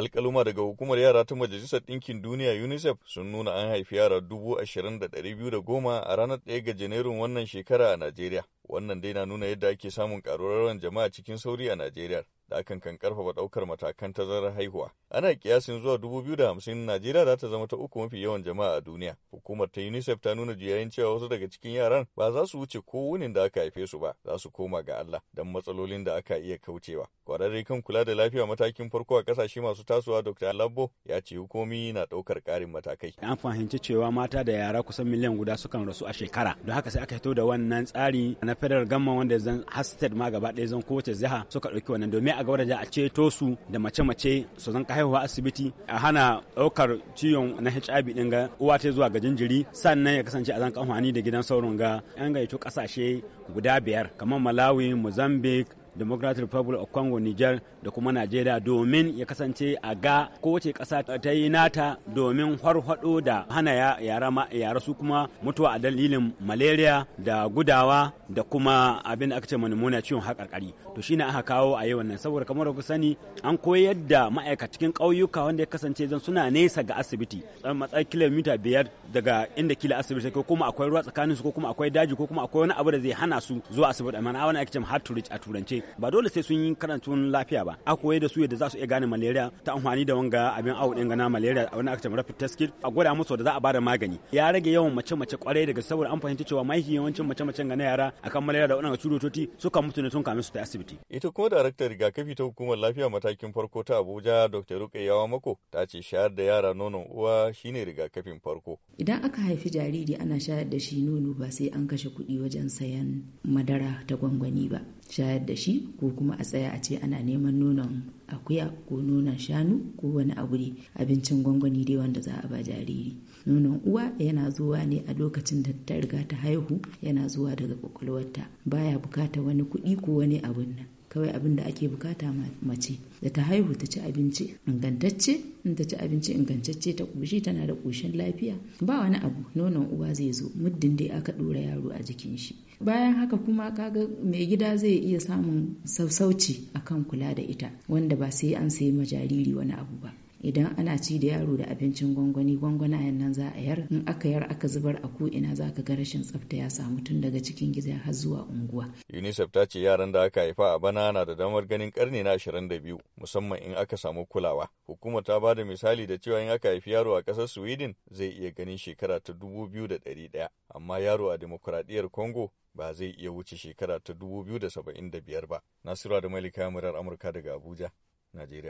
alkaluma daga hukumar yara ta Majalisar Ɗinkin Duniya UNICEF sun nuna an haifi yara dubu ashirin da ɗari biyu da goma a ranar ɗaya ga Janairun wannan shekara a Najeriya. Wannan dai na nuna yadda ake samun ƙaruwar jama'a cikin sauri a Najeriya. da akan kan karfafa daukar matakan tazarar haihuwa. Ana kiyasin zuwa dubu biyu da hamsin Najeriya za ta zama ta uku mafi yawan jama'a a duniya. Hukumar ta UNICEF ta nuna juyayin cewa wasu daga cikin yaran ba za su wuce ko wunin da aka haife su ba, za su koma ga Allah don matsalolin da aka iya kaucewa. Kwararre kan kula da lafiya matakin farko a kasashe masu tasowa Dr. Labbo ya ce hukumi na daukar karin matakai. An fahimci cewa mata da yara kusan miliyan guda sukan rasu a shekara. Don haka sai aka fito da wannan tsari na federal gamma wanda zan hasted ma gaba ɗaya zan kowace jiha suka ɗauki wannan domin a ga wadanda a ceto su da mace-mace su zan haihuwa asibiti a hana ɗaukar ciwon na HIV ɗin ga uwa ta zuwa ga jinjiri sannan ya kasance a zan amfani da gidan sauron ga yan gaito kasashe guda biyar kamar Malawi, Mozambique, democratic republic of congo niger da kuma nigeria domin ya kasance a ga kowace kasa ta yi nata domin harhaɗo da hana yara, yara su kuma mutuwa a dalilin malaria da gudawa da kuma abin da aka ce manimuna ciwon haƙarƙari to shine aka kawo a yi nan saboda kamar ku sani an koyar da ma'aikata cikin ƙauyuka wanda ya kasance zan suna nesa ga asibiti matsayin kilomita biyar daga inda kila asibiti ko kuma akwai ruwa tsakanin su ko kuma akwai daji ko kuma akwai wani abu da zai hana su zuwa asibiti amma na wani ake ce hard to reach a turance ba dole sai sun yi karantun lafiya ba a koyar da su yadda za su iya gane malaria ta amfani da wanga abin awo din gana malaria wani aka rapid test kit a gwada musu da za a bada magani ya rage yawan mace mace kwarai daga saboda an fahimci cewa mahi yawancin mace mace ga yara akan malaria da wannan su suka mutu ne tun kamin su ta asibiti ita kuma daraktar rigakafi ta hukumar lafiya matakin farko ta Abuja Dr. Yawa Mako ta ce shayar da yara nonon uwa shine rigakafin farko idan aka haifi jariri ana shayar da shi nono ba sai an kashe kuɗi wajen sayan madara ta gwangwani ba shayar da shi shi ko kuma a tsaya a ce ana neman nonon akuya ko nonon shanu ko wani abu ne abincin gwangwani dai wanda za a ba jariri nonon uwa yana zuwa ne a lokacin da ta riga ta haihu yana zuwa daga kwakwalwarta baya bukata wani kuɗi ko wani abun nan kawai abin da ake bukata mace da ta haihu ta ci abinci ingantacce in ta ci abinci ingantacce ta kushi tana da kushin lafiya ba wani abu nonon uwa zai zo muddin dai aka dora yaro a jikin shi bayan haka kuma kaga mai gida zai iya samun sassauci akan kula da ita wanda ba sai an sayi ma jariri wani abu ba idan ana ci da yaro da abincin gwangwani yan nan za a yar in aka yar aka zubar a ko ina za ka ga rashin tsafta ya samu tun daga cikin gida har zuwa unguwa. UNICEF ta ce yaran da aka haifa a bana na da damar ganin karni na biyu musamman in aka samu kulawa. Hukumar ta ba da misali da cewa in aka haifi yaro a ƙasar Sweden zai iya ganin shekara ta 2100 amma yaro a demokuraɗiyyar Congo ba zai iya wuce shekara ta da biyar ba. Nasiru da Malika Murar Amurka daga Abuja, Najeriya.